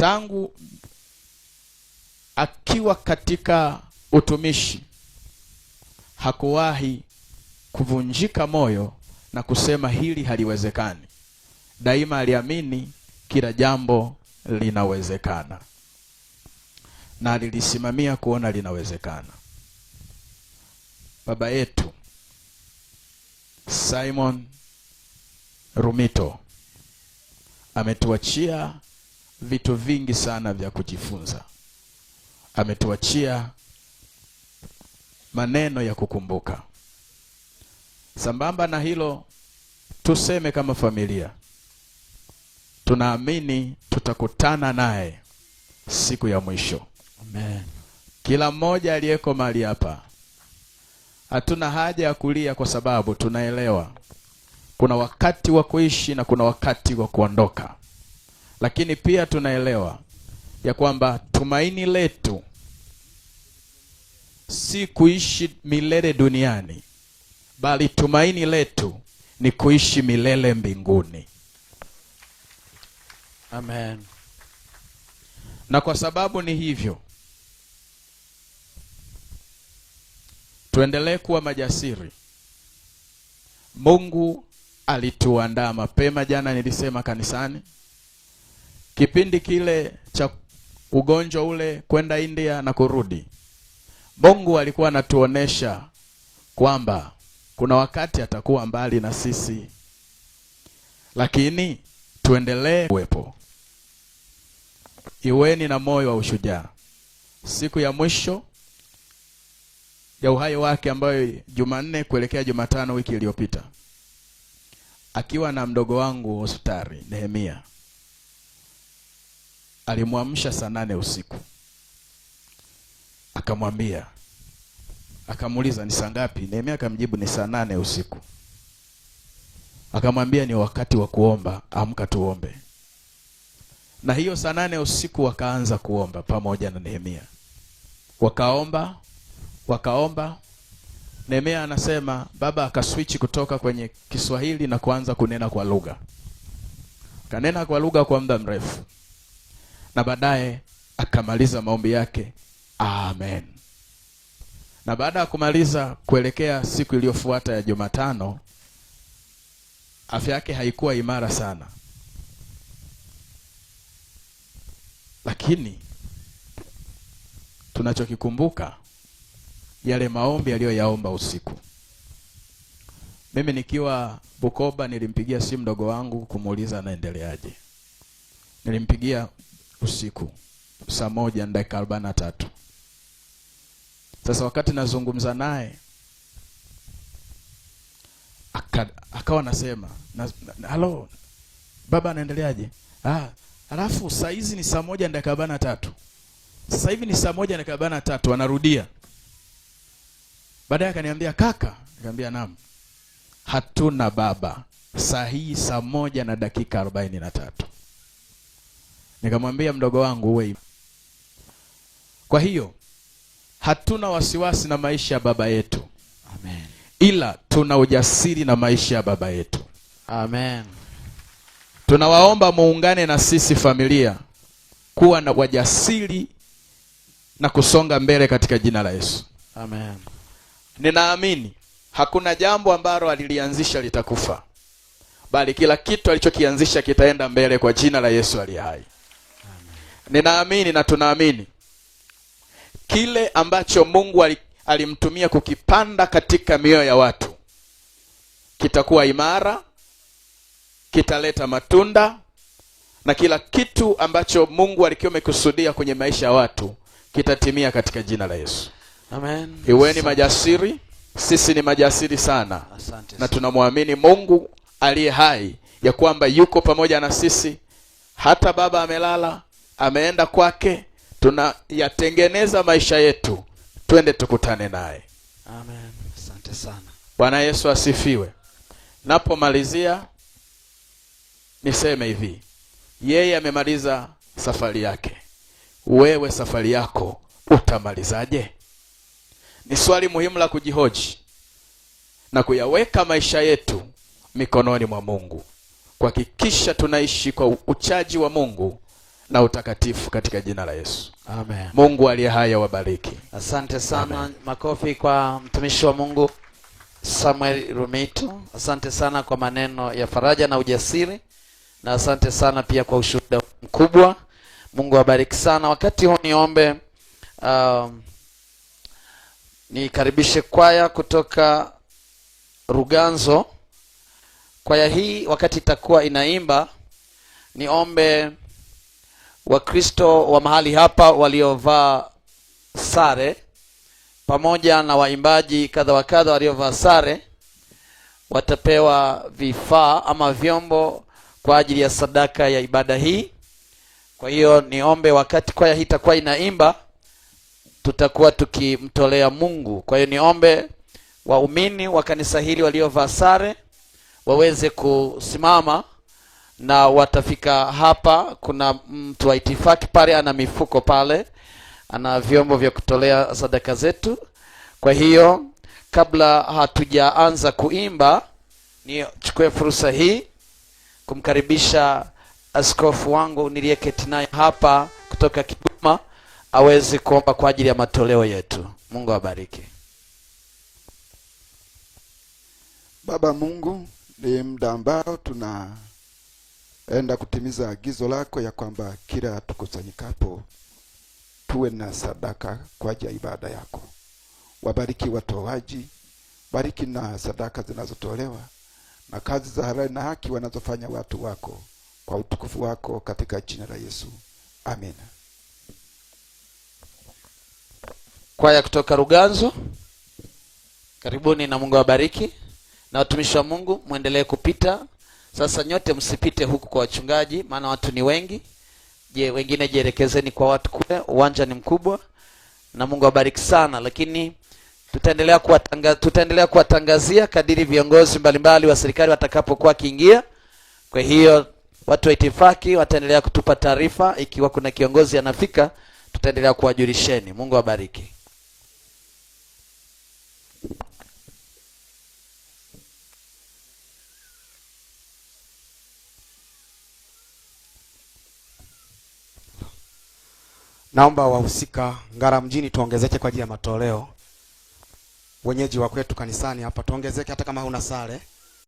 tangu akiwa katika utumishi hakuwahi kuvunjika moyo na kusema hili haliwezekani. Daima aliamini kila jambo linawezekana na alilisimamia kuona linawezekana. Baba yetu Simon Rumito ametuachia vitu vingi sana vya kujifunza. Ametuachia maneno ya kukumbuka. Sambamba na hilo, tuseme kama familia tunaamini tutakutana naye siku ya mwisho. Amen. Kila mmoja aliyeko mahali hapa, hatuna haja ya kulia, kwa sababu tunaelewa kuna wakati wa kuishi na kuna wakati wa kuondoka. Lakini pia tunaelewa ya kwamba tumaini letu si kuishi milele duniani, bali tumaini letu ni kuishi milele mbinguni. Amen. Na kwa sababu ni hivyo, tuendelee kuwa majasiri. Mungu alituandaa mapema. Jana nilisema kanisani kipindi kile cha ugonjwa ule kwenda India na kurudi, Mungu alikuwa anatuonesha kwamba kuna wakati atakuwa mbali na sisi, lakini tuendelee kuwepo. Iweni na moyo wa ushujaa. Siku ya mwisho ya uhai wake ambayo Jumanne kuelekea Jumatano wiki iliyopita, akiwa na mdogo wangu hospitali Nehemia alimwamsha saa nane usiku akamwambia, akamuuliza ni saa ngapi? Nehemia akamjibu ni saa nane usiku. Akamwambia ni wakati wa kuomba, amka tuombe. Na hiyo saa nane usiku wakaanza kuomba pamoja na Nehemia, wakaomba wakaomba. Nehemia anasema baba akaswichi kutoka kwenye Kiswahili na kuanza kunena kwa lugha, kanena kwa lugha kwa muda mrefu na baadaye akamaliza maombi yake amen. Na baada ya kumaliza kuelekea siku iliyofuata ya Jumatano, afya yake haikuwa imara sana, lakini tunachokikumbuka yale maombi aliyoyaomba usiku. Mimi nikiwa Bukoba nilimpigia simu mdogo wangu kumuuliza anaendeleaje. Nilimpigia usiku saa moja na dakika arobaini na tatu. Sasa wakati nazungumza naye akawa nasema na, na, halo baba anaendeleaje? Ah, alafu saa hizi ni saa moja na dakika arobaini na tatu. Sasa hivi ni saa moja na dakika arobaini na tatu, anarudia. Baadaye akaniambia kaka, nikamwambia naam, hatuna baba, saa hii saa moja na dakika arobaini na tatu. Nikamwambia mdogo wangu wewe. Kwa hiyo hatuna wasiwasi na maisha ya baba yetu. Amen. Ila tuna ujasiri na maisha ya baba yetu. Amen. Tunawaomba muungane na sisi familia kuwa na wajasiri na kusonga mbele katika jina la Yesu. Amen. Ninaamini hakuna jambo ambalo alilianzisha litakufa, bali kila kitu alichokianzisha kitaenda mbele kwa jina la Yesu aliye hai. Ninaamini na tunaamini kile ambacho Mungu alimtumia kukipanda katika mioyo ya watu kitakuwa imara, kitaleta matunda na kila kitu ambacho Mungu alikuwa amekusudia kwenye maisha ya watu kitatimia katika jina la Yesu. Amen. Iweni majasiri, sisi ni majasiri sana. Asante. Na tunamwamini Mungu aliye hai ya kwamba yuko pamoja na sisi hata baba amelala ameenda kwake, tunayatengeneza maisha yetu, twende tukutane naye. Amen, asante sana. Bwana Yesu asifiwe. Napomalizia niseme hivi, yeye amemaliza safari yake, wewe safari yako utamalizaje? Ni swali muhimu la kujihoji na kuyaweka maisha yetu mikononi mwa Mungu, kuhakikisha tunaishi kwa uchaji wa Mungu na utakatifu katika jina la Yesu. Amen. Mungu aliye hai awabariki. Asante sana. Amen. Makofi kwa mtumishi wa Mungu Samuel Rumito. Asante sana kwa maneno ya faraja na ujasiri, na asante sana pia kwa ushuhuda mkubwa. Mungu awabariki sana. Wakati huu niombe, uh, nikaribishe kwaya kutoka Ruganzo. Kwaya hii wakati itakuwa inaimba, niombe Wakristo wa mahali hapa waliovaa sare pamoja na waimbaji kadha wa kadha waliovaa sare watapewa vifaa ama vyombo kwa ajili ya sadaka ya ibada hii. Kwa hiyo niombe, wakati kwaya hii itakuwa inaimba, tutakuwa tukimtolea Mungu. Kwa hiyo niombe waumini wa kanisa hili waliovaa sare waweze kusimama na watafika hapa. Kuna mtu wa itifaki pale ana mifuko pale, ana vyombo vya kutolea sadaka zetu. Kwa hiyo kabla hatujaanza kuimba, nichukue fursa hii kumkaribisha askofu wangu niliyeketi naye hapa kutoka Kigoma aweze kuomba kwa ajili ya matoleo yetu. Mungu abariki Baba Mungu, ni muda ambao tuna Enda kutimiza agizo lako ya kwamba kila tukusanyikapo tuwe na sadaka kwa ajili ya ibada yako. Wabariki watoaji, bariki na sadaka zinazotolewa na kazi za halali na haki wanazofanya watu wako kwa utukufu wako katika jina la Yesu. Amina. Kwaya kutoka Ruganzo, karibuni na Mungu awabariki. Na watumishi wa Mungu muendelee kupita sasa nyote msipite huku kwa wachungaji, maana watu ni wengi. Je, wengine jielekezeni kwa watu kule, uwanja ni mkubwa, na Mungu abariki sana, lakini tutaendelea kuwatanga, tutaendelea kuwatangazia kadiri viongozi mbalimbali wa serikali watakapokuwa kiingia. Kwa hiyo watu wa itifaki wataendelea kutupa taarifa, ikiwa kuna kiongozi anafika, tutaendelea kuwajulisheni. Mungu abariki Naomba wahusika Ngara mjini tuongezeke kwa ajili ya matoleo, wenyeji wa kwetu kanisani hapa tuongezeke, hata kama huna sare